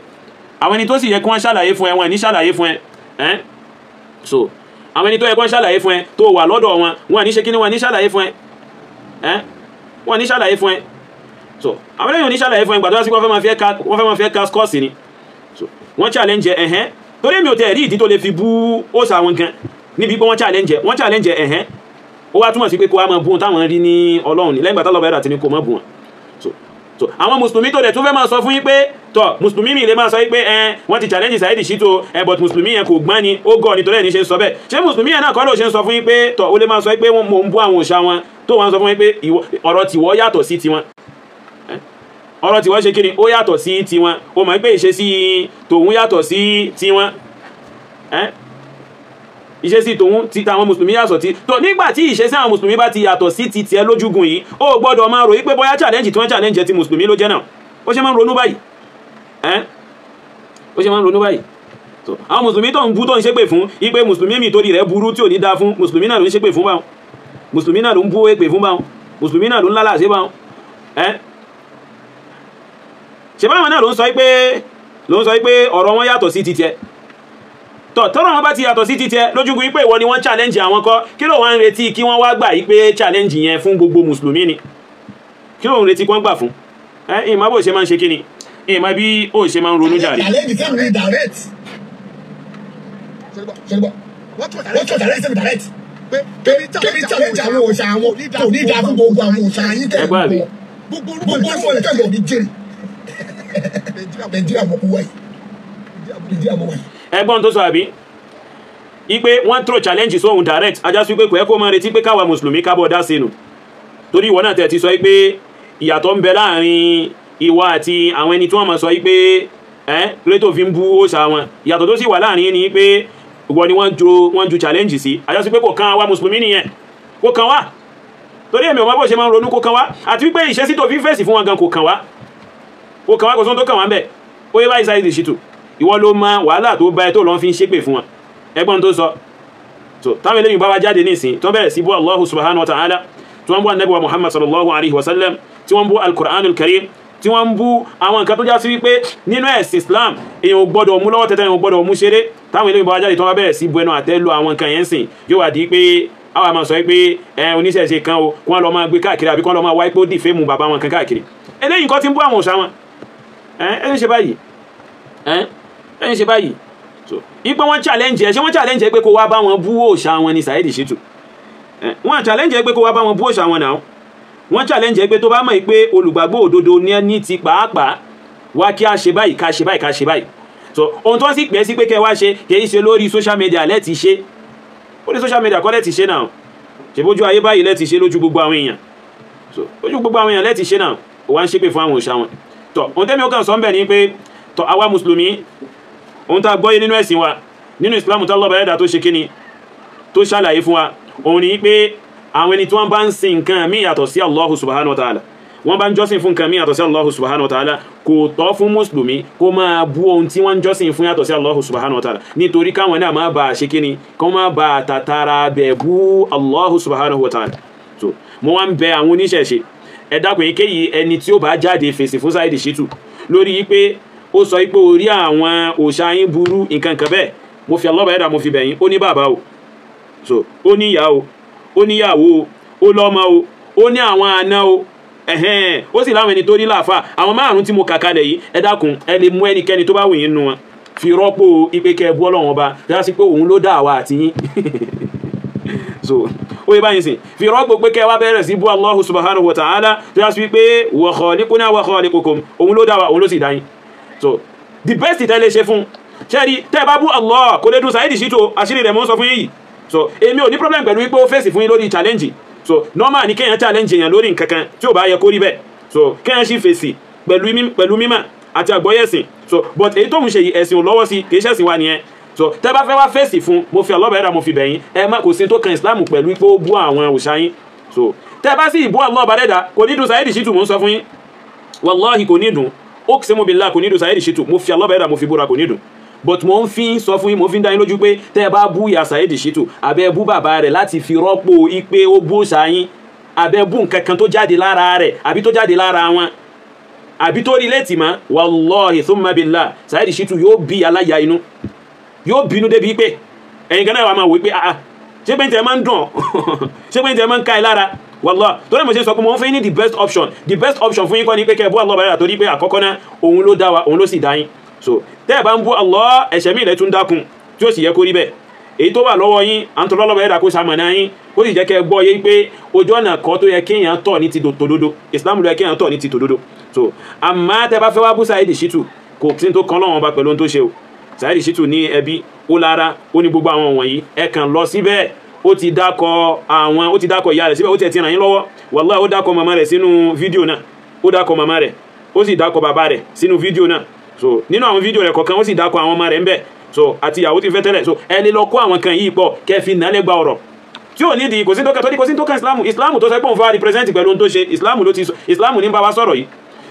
[SPEAKER 2] àwọn ẹni tó sì yẹ kí wọ́n ṣàlàyé fún ẹ wọn ní ṣàlàyé fún ẹ so àwọn ẹni tó yẹ kí wọ́n ṣàlàyé fún ẹ tó wà lọ́dọ̀ wọn wọn ní ṣe kí ni wọn ní ṣàlàyé fún ẹ wọ́n ní ṣàlàyé fún ẹ so àwọn eléyìí ò ní ṣàlàyé fún ẹ gbàdúrà sí wọ́n fẹ́ máa fi ẹ́ ka skọ́ọ̀sì ni so wọ́n challenge ẹ̀hẹ́n torí mi ò tẹ̀ rí ìdí tó lè fi bú òòsà wọn gan níbi pé wọ́n challenge wọ́n challenge ẹ̀hẹ́n ó wá túmọ̀ sí pé kó wá máa bú wọn táwọn rí ní ọlọ́run ní lẹ́yìn gbàtà lọ́bàá ẹ̀rọ àti ní kó máa bú wọn so àwọn mùsùlùmí tó dẹ̀ tún fẹ́ máa sọ fún yín pé tọ mùsùlùmí mi lè máa sọ yín pé ẹ wọ́n ti challenge Saheed Shittu ẹ but mùsùlùmí yẹn kò gbọ́n ni ó gọ̀ nítorí ẹ̀ ní ṣe ń sọ bẹ́ẹ̀ ṣé mùsùlùmí yẹn náà kọ́ ló ṣe ń sọ fún yín pé tọ ó lè máa sọ yín pé mo ń bú àwọn òòṣà wọn tó wọn sọ fún yín pé ọ̀rọ̀ tìwọ́ yàtọ̀ sí tiwọn ọ̀rọ̀ tiwọn ṣe kíni ó yàtọ̀ sí tiwọn ó mọ̀ pé ìṣesí tòun yàtọ̀ sí tiwọn ìṣesí tòun ti tàwọn mùsùlùmí yàtọ̀ tí tó nígbà tí ìṣesí àwọn mùsùlùmí bá ti yàtọ̀ sí ti tiẹ̀ lójúgun yìí ó gbọ́dọ̀ máa ròyìn pé bóyá challenge tí wọ́n challenge ti mùsùlùmí ló jẹ́ náà ó ṣe máa ń ronú báyìí ó ṣe máa ń ronú báyìí àwọn mùsùlùmí tó ń bú tó ń ṣépè fún ipe mùsùlùmí mi torí rẹ̀ burú tí ò ní da fún mùsùlùmí náà ló ń ṣépè fún báwọn mùsùlùmí náà ló ń bú èpè fún báwọn mùsùlùmí náà ló ń lálàsí báwọn ṣe báwọn náà ló ń sọ pé ọ̀rọ̀ wọn yàtọ̀ sí ti tọ̀ tọ́rọ̀ wọn bá ti yàtọ̀ sí títẹ lójúgun pé ìwọ ni wọ́n challenge àwọn kọ́ kí ló wọ́n ń retí kí wọ́n wá gbà yí pé challenge yẹn fún gbogbo mùsùlùmí ni kí ló ń retí kí wọ́n gbà fún ẹ ìmọ̀ bó ṣe máa ń ṣe kí ni ìmọ̀ bí ó ṣe máa ń ronú jàre. challenge sẹ́mi ní
[SPEAKER 1] direct wọ́n tún direct sẹ́mi direct pé challenge àwọn òòṣà àwọn kò ní ìdá fún gbogbo àwọn òòṣà yín tẹ̀ gbogbo gbogbo ìfọ̀lẹ́kẹ̀
[SPEAKER 2] ẹgbọ́n tó sọ àbí ipe wọ́n throw challenge sóhun direct ajá sí pé kò ẹ́ kó mọ́ retí pé káwa mùsùlùmí kábọ̀ dá sínú torí ìwọ náà tẹ̀ ti sọ pé ìyàtọ̀ ń bẹ láàrin ìwọ àti àwọn ẹni tí wọ́n mọ̀ sọ pé ẹ́ rétò fi ń bú òòṣà wọn ìyàtọ̀ tó sì wà láàrin ni pé ìwọ ni wọ́n ju wọ́n challenge sí ajá sí pé kò kan wa mùsùlùmí nìyẹn kò kan wa torí èmi ò mọ̀ bó ṣe máa ń ronú kò kan wa àti wípé ìṣesí tó fi fèsì fún wọn gan kò kan wa kò kan wa kò sóhun tó kan wa ń bẹ̀ ó yẹ báyìí sáyé ìṣìtù ìwọ ló mọ wàhálà tó bá ẹ tó lọ́n fi ń ṣépè fún wọn ẹgbọ́n tó sọ so táwọn eléyìí bá wá jáde nísìn tó bẹ̀rẹ̀ sí bú allahu subhanahu wa ta'ala tí wọ́n bú anabi muhammad sallallahu alaihi wasallam, sallam tí wọ́n bú al-Qur'anul Karim tí wọ́n ń bú àwọn nǹkan tó já wípé nínú ẹ̀sìn Islam èèyàn ò gbọ́dọ̀ mú lọ́wọ́ tẹ́tẹ́ èèyàn ò gbọ́dọ̀ mú ṣeré táwọn ilé ìbáwá jáde tó bu ẹnu àtẹ́ lu àwọn nǹkan yẹn sìn yóò wá di pé àwọn àmọ́ sọ pé ẹ oníṣẹ̀ṣe kan o kí wọ́n lọ máa gbé káàkiri àbí kí wọ́n lọ máa wá ipò dì fẹ́mu bàbá ẹ̀yin ṣe báyìí so ipò wọn challenge ẹ ṣé wọn challenge ẹ pé kó wá bá wọn bú òòṣà wọn ni Saheed Shittu wọn challenge ẹ pé kó wá bá wọn bú òòṣà wọn náà wọn challenge ẹ pé tó bá mọ̀ pé olùgbàgbọ́ òdodo ní ẹni ti pàápàá wá kí a ṣe báyìí ká ṣe báyìí ká ṣe báyìí so ohun tó ń sì pẹ́ sí pé kẹ́ wá ṣe kìí ṣe lórí social media lẹ́ẹ̀tì ṣe ó ní social media kọ́ lẹ́ẹ̀tì ṣe náà ṣèbójú ayé báyìí lẹ́ẹ̀tì ṣe lójú gbogbo àwọn èèyàn so lójú gbogbo àwọn èèyàn lẹ́ẹ̀tì ṣe náà ó wá ń ṣépè fún àwọn òòṣà wọn tọ ohun tẹ́mi ó kàn sọ ń bẹ̀ ni pé tọ àwa mùsùlùmí ohun tá a gbọ́yé nínú ẹ̀sìn wa nínú ìsìlámù tá lọ́ba ẹ̀dà tó ṣe kíni tó ṣàlàyé fún wa òun ni pé àwọn ẹni tí wọ́n bá ń sin nǹkan mí yàtọ̀ sí allahu subhanahu wa ta'ala wọ́n bá ń jọ́sìn fún nǹkan mí yàtọ̀ sí allahu subhanahu wa ta'ala kò tọ́ fún mùsùlùmí kó máa bú ohun tí wọ́n jọ́sìn fún yàtọ̀ sí allahu subhanahu wa ta'ala nítorí káwọn náà má bàa ṣe kíni kó má bàa tàtàrà bẹ̀ bú allahu subhanahu wa ta'ala so mo wá ń bẹ àwọn oníṣẹ̀ṣe ẹ dákun èkéyìí ẹni tí ó bá jáde fèsì fún Saidi Shittu lórí pé ó sọ pé orí àwọn òòṣà yín burú nǹkan kan bẹ́ẹ̀ mo fi Allah ẹ̀dá mo fi bẹ̀yìn ó ní bàbá o so ó ní ìyá o ó níyàwó o ó lọ́mọ o ó ní àwọn àna o ẹ̀hẹ́n ó sì láwọn ẹni tó ní làáfà àwọn márùn-ún tí mo kà kalẹ̀ yìí ẹ dákun ẹ lè mú ẹnikẹ́ni tó bá wù yín nu wọn fi rọ́pò ipe kẹ́ẹ̀bú ọlọ́run ọba a sí pé òun ló dá àwa àti yín so ó yẹ báyìí sìn fi rọ́pò pé kẹ́ẹ̀ wá bẹ̀rẹ̀ sí bú Allahu subhanahu wa ta'ala dáhà sí pé wa khaliquna wa khaliqukum òun ló dá wa òun ló sì dá yín so the best ìtẹ́lẹ̀ ṣe fún ṣẹ́rí tẹ́ bá bú Allah kò lè dùn Saheed Shittu àṣírí rẹ̀ mọ́ sọ fún yìí so èmi ò ní problem pẹ̀lú wípé ó fèsì fún yín lórí challenge so normal ni kéèyàn challenge èèyàn lórí nǹkan kan tí ò bá yẹ kó rí bẹ́ẹ̀ so kéèyàn sì fèsì pẹ̀lú mímọ̀ àti àgbọ́yẹ̀sìn so but èyí tóun ṣe yìí ẹ̀sìn ò lọ́wọ́ sí kì í ṣẹ̀sìn wa nìyẹn so tẹ́ bá fẹ́ wá fèsì fún mo fi ọlọ́bàá ẹ̀rà mo fi bẹ̀yìn ẹ má kò sí tó kan Islam pẹ̀lú pé ó bú àwọn òòṣà yín so tẹ́ bá sì ìbú ọlọ́ọ̀bàdẹ́dà kò ní dùn Saheed Shittu mò ń sọ fún yín wallahi kò ní dùn ó kìí sẹ́mu bíi láà kò ní dùn mo fi alọ́bàá mo fi búra kò ní but mo ń fi sọ fún yín mo fi ń dá yín lójú pé tẹ́ ẹ bá bú ìyá Saheed Shittu àbẹ́ bú bàbá rẹ̀ láti fi rọ́pò ipe ó bú sàyín àbẹ́ bú nǹkan kan tó jáde lára rẹ̀ àbí tó jáde lára wọn àbí tó rí létí mọ́ wallahi thumma billah Saheed Shittu yóò bí aláya inú yóò bínú débi pé ẹ̀yin gan náà wà máa wò pé ah, ah ṣé pé ní tẹ̀ máa ń dùn ṣé pé ní tẹ̀ máa ń ká ẹ lára wàlá torí mo ṣe sọ pé mo ń fẹ́ ní the best option the best option fún yín kọ́ ni pé kẹ́ ẹ bú Allah bàrà torí pé àkọ́kọ́ náà òun ló dá wa òun ló sì dá yín so tẹ́ ẹ bá ń bú Allah ẹ̀ṣẹ̀ mi rẹ̀ tún dákun tí ó sì yẹ kó rí bẹ́ẹ̀ èyí tó wà lọ́wọ́ yín àǹtọ́lọ́lọ́bà ẹ̀dá kó sàmọ̀nà yín ó sì jẹ́ kẹ́ ẹ gbọ́ yé pé ojú ọ̀nà kan tó yẹ kéèyàn tọ̀ ní ti tòdodo Islam ló yẹ kéèyàn tọ̀ ní ti tòdodo so àmọ́ tẹ́ bá fẹ́ wá bú Saheed Shittu kò sí tó kan lọ́wọ́n ọba pẹ̀lú ohun tó ṣe o Saheed Shittu ní ẹbí ó lára ó ní gbogbo àwọn wọ̀nyí ẹ kàn lọ síbẹ̀ ó ti dákọ àwọn ó ti dákọ ìyá rẹ̀ síbẹ̀ ó ti ẹ̀tì ràn yín lọ́wọ́ wàláhì ó dákọ màmá rẹ̀ sínú fídíò náà ó dákọ màmá rẹ̀ ó sì dákọ bàbá rẹ̀ sínú fídíò náà so nínú àwọn fídíò rẹ̀ kọ̀ọ̀kan ó sì dákọ àwọn ọmọ rẹ̀ ń bẹ̀ so àti ìyàwó ti fẹ́ tẹ́lẹ̀ so ẹ lè lọ kó àwọn kan yìí pọ̀ kẹ́ fi nàlẹ́ gba ọ̀rọ̀ tí ò ní di kò sí tó kẹ́ tó ní kò sí tó Islamu ìsìlámù ìsìlámù tó sọ pé òun fa represent pẹ̀lú ohun tó ṣe ìsìlámù ló ti sọ ìsìlámù ní bá sọ̀rọ̀ yìí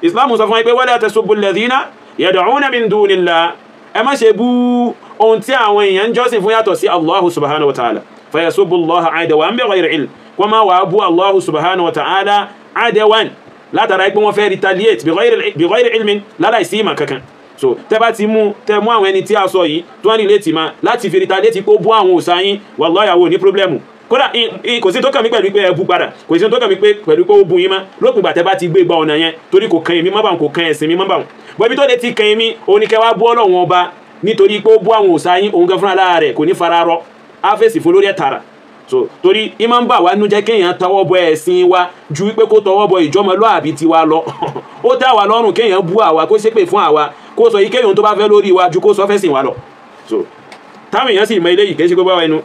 [SPEAKER 2] ìsìlámù sọ fún wa pé wala tasubbu alladhina yad'una min dunillah ẹ má ṣe bú ohun tí àwọn èèyàn jọ́sìn fún yàtọ̀ sí allahu subhanahu wa ta'ala fayasubu allah adawan bi ghayri ilm kó má wàá bú allahu subhanahu wa ta'ala adawan látara pé wọ́n fẹ́ retaliate bi ghayri ilmin láláì sí ìmọ̀ kankan so tẹ́ bá ti mú tẹ́ mú àwọn ẹni tí a sọ yìí tó ń rí létí ma láti fi retaliate pé bú àwọn òsà yín wallahi ní problem kódà kò sí tó kàn mí pẹ̀lú pé ẹ bú padà kò sí tó kàn mí pẹ̀lú pé ó bu yín mọ́ lópin ìgbà tẹ́ bá ti gbé gba ọ̀nà yẹn torí kò kan èmi mọ́ báwọn kò kan ẹ̀sìn mi mọ́ báwọn bọ́ ibi tó lè ti kan èmi oníkẹ́wà bú ọlọ́wọ́n ọba nítorí pé ó bú àwọn òòṣà yín òun gan fúnra lára rẹ̀ kò ní fara rọ á fún lórí ẹ̀ tààrà so torí ìmọ̀ ń bà wá nú jẹ́ kéèyàn tọwọ́ bọ ẹ̀sìn wa ju wípé kó tọwọ́ bọ ìjọmọlúàbí tiwa lọ ó dá wa lọ́rùn kéèyàn bú àwa kó ṣépè fún àwa ju kó sọ fẹ́ so táwọn èèyàn sì mọ eléyìí kì í ṣe gbogbo ẹnu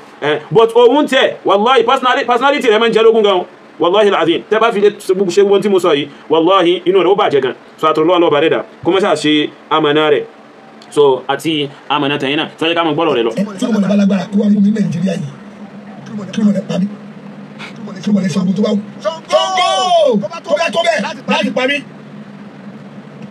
[SPEAKER 2] but òun tiẹ̀ wàláhì personality rẹ̀ máa ń jẹ́ lógún gan wàláhì làdín tẹ́ bá fi lè ṣe gbogbo tí mo sọ yìí wàláhì inú rẹ̀ ó bàjẹ́ gan so àtúrọ̀lọ́ ọlọ́ọ̀bà rẹ̀ dà kó mọ́ ṣàṣe amànà rẹ̀ so àti amànà tẹ̀yìn náà sọ́jọ́ ká mọ̀ gbọ́rọ̀ rẹ̀ lọ.
[SPEAKER 1] tí mo nà bá lágbára kó wá mú mi nàìjíríà yìí kí mo nà pa mí kí mo nà sọ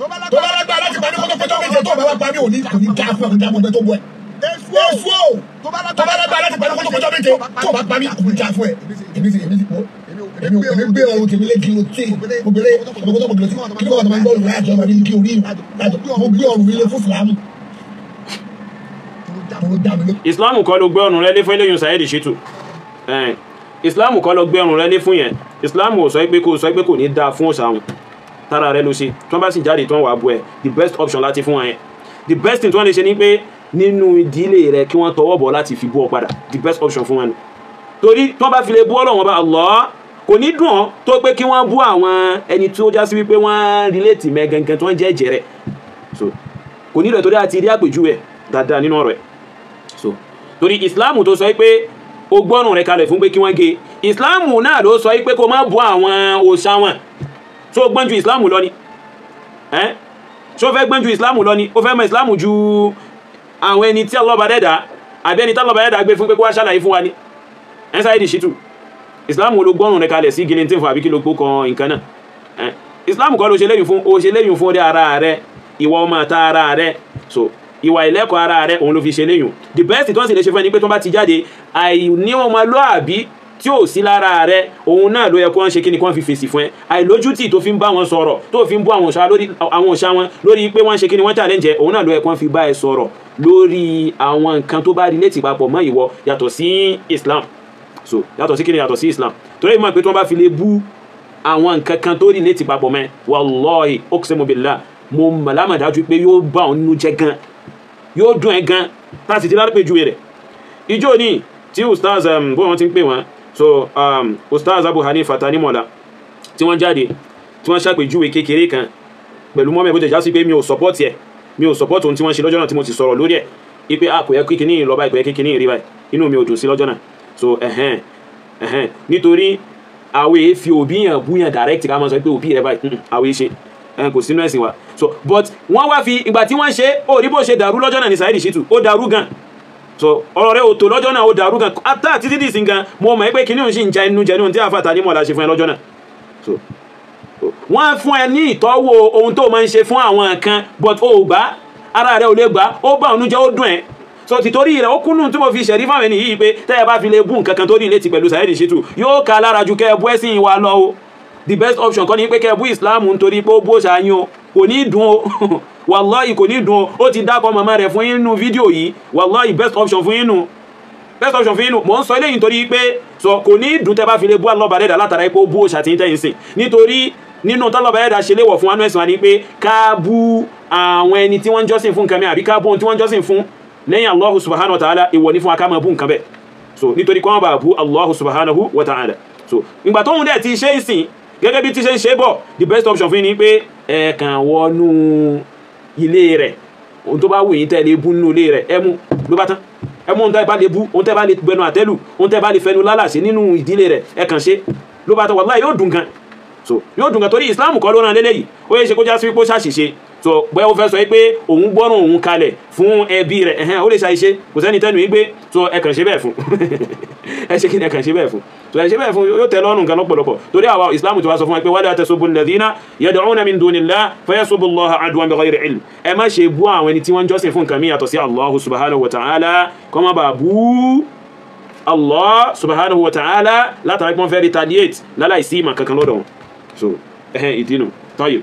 [SPEAKER 1] tó bá lágbára láti parí kótó péjọ méje tó bá wá parí òní kò ní ká fún ọ̀gá ọmọdé tó bọ̀ ẹ̀. èso o tó bá lágbára láti parí kótó péjọ méje tó bá parí kò ní ká fún ẹ̀. èmi sì èmi sì kó èmi ò èmi gbé ọrùn tèmi lé kìlò tí obìnrin ọmọkótó kò kìlò tí kí ló wà tó máa ń gbọ́ ọrùn láàjọ ọmọdé ní kí orí mo gbé ọrùn mi lé fún fìlàmù.
[SPEAKER 2] Islam kọ́ ló gbé ọrùn rẹ lé fún eléyìí Saheed Shittu Islam kọ́ ló gbé ọrùn rẹ lé fún yẹn Islam ò sọ pé kò sọ pé kò ní dáa fún òsàwọn Tara rẹ ló ṣe tí wọ́n bá sì jáde tí wọ́n wà bu ẹ̀ the best option láti fún wọn yẹn the best thing tí wọ́n lè ṣe ni pé nínú ìdílé rẹ kí wọ́n tọwọ́ bọ̀ láti fi bú ọ padà the best option fún wọn ni torí tí wọ́n bá fi lè bú Ọlọ́run bá Allah kò ní dùn ọ́ tó pé kí wọ́n bú àwọn ẹni tó já sí wípé wọ́n relate mẹ́ gangan tí wọ́n jẹ́ ẹ̀jẹ̀ rẹ̀ so kò ní rẹ̀ torí àti rí àpèjúwe dáadáa nínú ọ̀rọ̀ ẹ̀ so torí ìsìláàmù tó sọ pé o gbọ́nù rẹ̀ kalẹ̀ fún pé kí wọ́n ge ìsìláàmù náà ló sọ pé kó má bú àwọn òòṣà wọn tó gbọ́n ju islam lọ ni tó fẹ́ gbọ́n ju islam lọ ni ó fẹ́ mọ islam ju àwọn ẹni tí Allah bá dẹ́dà àbí ẹni tí Allah bá dẹ́dà gbé fún pé kó wá ṣàlàyé fún wa ni ẹnsáyédì ṣìtù islam wo ló gbọ́rùn rẹ kalẹ̀ sí gíní tí ń fa àbí kí ló gbó kan nǹkan náà islam kọ́ ló ṣe léyìn fún o ṣe léyìn fún ọdẹ ara rẹ ìwà ọmọ àta ara rẹ so ìwà ìlẹ́kọ̀ọ́ ara rẹ òun ló fi ṣe léyìn the best tí wọ́n sì lè ṣe fún ẹni pé tó bá ti jáde àìní ọmọlúàbí tí ò sí lára rẹ òun náà ló yẹ kó wọn ṣe kí ni kó wọn fi fèsì fún ẹ àìlójútì tó fi ń bá wọn sọ̀rọ̀ tó fi ń bú àwọn òṣà wọn lórí pé wọn ṣe kí ni wọn challenge ẹ òun náà ló yẹ kó wọn fi bá ẹ sọ̀rọ̀ lórí àwọn nǹkan tó bá relate papọ̀ mọ́ ìwọ yàtọ̀ sí Islam so yàtọ̀ sí kí ni yàtọ̀ sí Islam torí ìmọ̀ pé tí wọ́n bá fi lè bú àwọn nǹkan kan tó relate papọ̀ mẹ́ wallahi oksemo mo màlámà dájú pé yóò bá òun nínú jẹ́ gan yóò dùn ẹ́ gan tá a sì ti lárúpẹ́ ju rẹ̀ ìjọ ní tí ustaz um, bó wọn ti ń pè wọ́n so um, ustaz abu hanifa tanimola tí wọ́n jáde tí wọ́n ṣàpèjúwe kékeré kan pẹ̀lú mọ́mẹ́ bó jẹ́ jásí pé mi ò sọ́pọ́tì ẹ̀ mi ò support ohun tí wọ́n ṣe lọ́jọ́ náà tí mo ti sọ̀rọ̀ lórí ẹ̀ ipe àpò ah, yẹ kíkiní lọ báyìí pé kíkiní rí báyìí inú mi ò dùn sí lọ́jọ́ náà so ẹ̀hẹ́n ẹ̀hẹ́n nítorí àwọn èyí fi òbí yàn bú yàn direct ká máa sọ pé òbí rẹ báyìí hmm, àwọn èyí ṣe kò sínú ẹ̀sìn so but wọ́n wá fi ìgbà tí wọ́n ṣe ó rí bó ṣe dàrú lọ́jọ́ náà ní Saheed Shittu ó dàrú gan so ọ̀rọ̀ rẹ̀ ò tó lọ́jọ́ náà ó dàrú gan ata títí dì sí gan mo mọ̀ pé kìnìún sì ń ja inú jẹnu tí àfàtà ní mọ̀lá ṣe fún ẹ lọ́jọ́ náà so wọ́n fún ẹ ní ìtọ́wò ohun tó máa ń ṣe fún àwọn kan but o ò gbà ara rẹ ò lè gbà ó bá òun jẹ́ ó dùn ẹ́ so tìtorí rẹ̀ ó kúnnù tí mo fi ṣẹ̀rí fáwọn ẹni yìí pé tẹ́yẹ bá fi lè bú nǹkan kan tó ní létí pẹ̀lú Saheed Shittu yóò ka lára ju kẹ́ ẹ bú ẹ̀sìn wa lọ o the best option kọ́ ni pé kẹ́ ẹ bú Islam nítorí pé ó bó ṣááyún o kò ní dùn o wàláì kò ní dùn o ó ti dákọ màmá rẹ̀ fún inú fídíò yìí wàláì best option fún inú best option fún inú Mo ń sọ eléyìí nítorí pé sọ kò ní dùn tẹ́ bá fi lè bú àlọ́ba rẹ̀ dà látara ipò bú òṣà tí ń tẹ̀yìn sìn nítorí nínú tọ́lọ́ba rẹ̀ dà ṣe léwọ̀ fún anú ẹ̀sìn wa ni pé ká bú àwọn ẹni tí wọ́n ń jọ́sìn fún nǹkan mi àbí ká bú ohun tí wọ́n ń fún lẹ́yìn Allahu subhanahu wa ta'ala ìwọ ni fún akámọ̀ bú nǹkan bẹ́ẹ̀ so nítorí kọ́mọ̀ bá bú Allahu subhanahu wa ta'ala so ìgbà tóun dẹ̀ ti ṣe é gẹ́gẹ́ bí ti ṣe ń ṣe bọ̀ the best option fún ni pé ẹ kàn wọnú ilé rẹ̀ ohun tó bá wù yín tẹ́ lè bú nínú ilé rẹ̀ ẹ mú ló bá tán ẹ mú ohun tẹ́ bá lè bú ohun tẹ́ bá lè bẹnu àtẹ́lù ohun tẹ́ bá lè fẹnu lálàsí nínú ìdílé rẹ̀ ẹ kàn ṣe ló bá tán wàláhì yóò dùn gan so yóò dùn gan torí Islam kọ́ ló ràn lélẹ́yìí ó yẹ ṣe kó já sí ṣàṣìṣe so bóyá ó fẹ́ sọ pé òun gbọ́rùn òun kalẹ̀ fún ẹbí rẹ̀ ẹ̀hẹ́n ó lè ṣàìṣe kò sẹ́ni tẹ́nu yín pé so ẹ kàn ṣe bẹ́ẹ̀ fún ẹ ṣe kí ni ẹ kàn ṣe bẹ́ẹ̀ fún so ẹ ṣe bẹ́ẹ̀ fún yóò tẹ lọ́rùn nǹkan lọ́pọ̀lọpọ̀ torí àwa islam ti wá sọ fún wa pé wala tasubbu alladhina yad'una min dunillah fayasubbu allaha adwan bighayri ilm ẹ má ṣe bú àwọn ẹni tí wọ́n jọ́sìn fún nǹkan mi yàtọ̀ sí allah subhanahu wa ta'ala kọ́ má bàa bú allah subhanahu wa ta'ala látàrí pé fẹ́ retaliate láláìsí ìmọ̀ kankan lọ́dọ̀ wọn so ẹ̀hẹ́n ìdínú tayib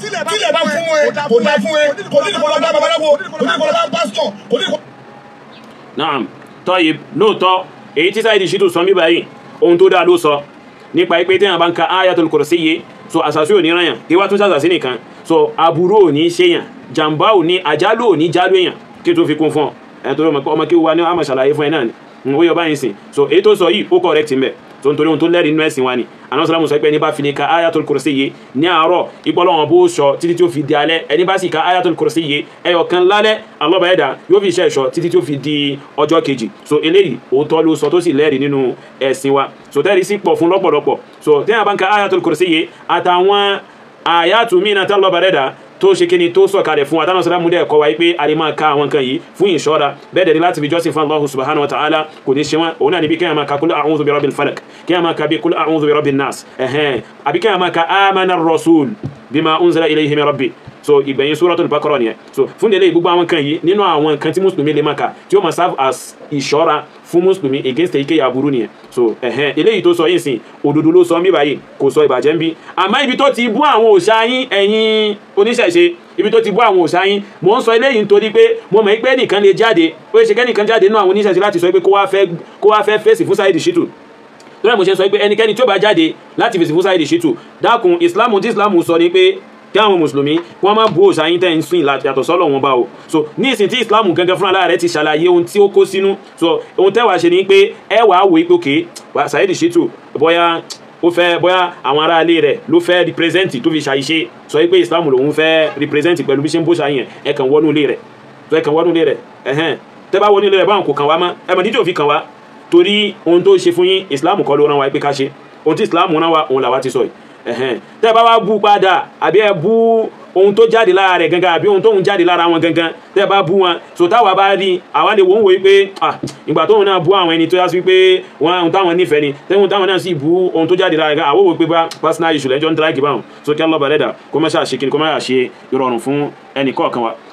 [SPEAKER 1] tílẹ̀ bá fún ẹ kò dá fún ẹ kò ní ìkọlọ bá babaláwo kò ní ìkọlọ bá pásítọ̀ kò ní.
[SPEAKER 2] naam tọ́yì lóòótọ́ èyí tí Saheed Shittu sọ mí báyìí ohun tó dáa ló sọ nípa pé téèyàn bá ń ka Ayatul Kursi yé so àṣàṣì ò ní ràn yàn kí wàá tún ṣàṣàṣì nìkan so aburú ò ní ṣe yàn jàǹbá ò ní àjálù ò ní jálù èèyàn kí tó fi kún fún ọ ẹ̀ tó ọmọ kí wọ́n wá ní àmọ̀ ṣàlàyé fún ẹ náà ni ó yọ báyìí sìn so èyí tó sọ yìí ó correct ń bẹ̀ tó ń torí ohun tó lẹ́rìí nínú ẹ̀sìn wa ni àná sọlá musa pé ẹni bá fi lè ka ayatul kursi yìí ní àárọ̀ ìpọ́lọ́wọ́n bó sọ títí tí ó fi di alẹ́ ẹni bá sì ka ayatul kursi yìí ẹyọ kan lálẹ́ alọ́ba ẹ̀dá yóò fi iṣẹ́ ẹ̀ṣọ́ títí tí ó fi di ọjọ́ kejì so eléyìí òótọ́ ló sọ tó sì lẹ́rìí nínú ẹ̀sìn wa so tẹ́rì sí pọ̀ fún lọ́pọ̀lọpọ̀ so tẹ́yà bá ń ka ayatul kursi yìí àtàwọn àyàtúmí náà tán ẹ̀dá tó ṣe kíni tó sọ̀kalẹ̀ fún wa tánà sọ́dá múlẹ̀ ẹ̀kọ́ wa yìí pé a lè ka àwọn kan yìí fún ìṣọ́ra bẹ́ẹ̀ dẹ̀ ni láti fi jọ́sìn fún Allahu subhanahu wa ta'ala kò ní ṣe wọn òun náà níbi kéèyàn máa ka kul a'udhu bi rabbil falak kéèyàn máa ka bí kul a'udhu bi rabbin nas àbí kéèyàn máa ka amana rasul bima unzila ilayhi min rabbi so ìgbẹ̀yìn Suratul Baqara nìyẹn so fún délé gbogbo àwọn kan yìí nínú àwọn nǹkan tí mùsùlùmí lè máa kà tí ó máa serve as ìṣọ́ra fún mùsùlùmí against èyíkéyìí aburú nìyẹn so ẹ̀hẹ́n eléyìí tó sọ yìí sìn òdodo ló sọ mí báyìí kò sọ ìbàjẹ́ ń bí àmọ́ ibi tó ti bú àwọn òòṣà yín ẹ̀yin oníṣẹ̀ṣe ibi tó ti bú àwọn òòṣà yín mò ń sọ eléyìí nítorí pé mo mọ̀ pé nìkan lè jáde ó ṣe kẹ́nìkan jáde nínú àwọn oníṣẹ̀ṣe láti sọ pé kó wá fẹ́ fèsì fún Saheed Shittu lọ́nà mo ṣe sọ pé ẹnikẹ́ni tí ó bá jáde láti fèsì fún Saheed Shittu dákun ìsìlámù tí ìsìlámù sọ ni pé kí àwọn mùsùlùmí kí wọ́n má bu òòṣà yín tẹ́ ń sìn yàtọ̀ sọ́lọ̀ wọn bá o so ní ìsìn tí islam gangan fúnra lára rẹ̀ ti ṣàlàyé ohun tí ó kó sínú so ohun tẹ́wàá ṣe ni pé ẹ wàá wò ó pé òkè Saheed Shittu bóyá ó fẹ́ bóyá àwọn ará ilé rẹ̀ ló fẹ́ represent tó fi ṣàyíṣe sọ pé islam lòun fẹ́ represent pẹ̀lú bí ṣe ń bó ṣàyẹn ẹ kàn wọnú ilé rẹ̀ ẹ kàn wọnú ilé rẹ̀ ẹ̀hẹ́n tẹ́ bá wọnú ilé rẹ̀ báwọn kò kàn wá mọ́ ẹ mọ̀ nídìí òfin kàn wá torí ohun tó ṣe fún yín islam kọ́ ló rán wa pé ká ṣe ohun tí islam rán wa òun làwa ti sọ yìí tẹ́ ẹ bá wá bú padà àbí ẹ bú ohun tó jáde lára rẹ̀ gangan àbí ohun tóun jáde lára wọn gangan tẹ́ bá bú wọn so táwa bá rí àwa lè wò ń wò wípé ìgbà tóun náà bú àwọn ẹni tó yá sí wípé wọn ohun táwọn nífẹ̀ẹ́ ni tẹ́hun táwọn náà sì bú ohun tó jáde lára rẹ̀ àwọn òwe pé bá personal issue lẹ́jọ́ ń dráàgì báwọn so kí á lọ́ba lẹ́dà kó má ṣàṣe kí ni kó má ṣàṣe ìrọ̀rùn fún ẹnì kọ̀ọ̀kan wa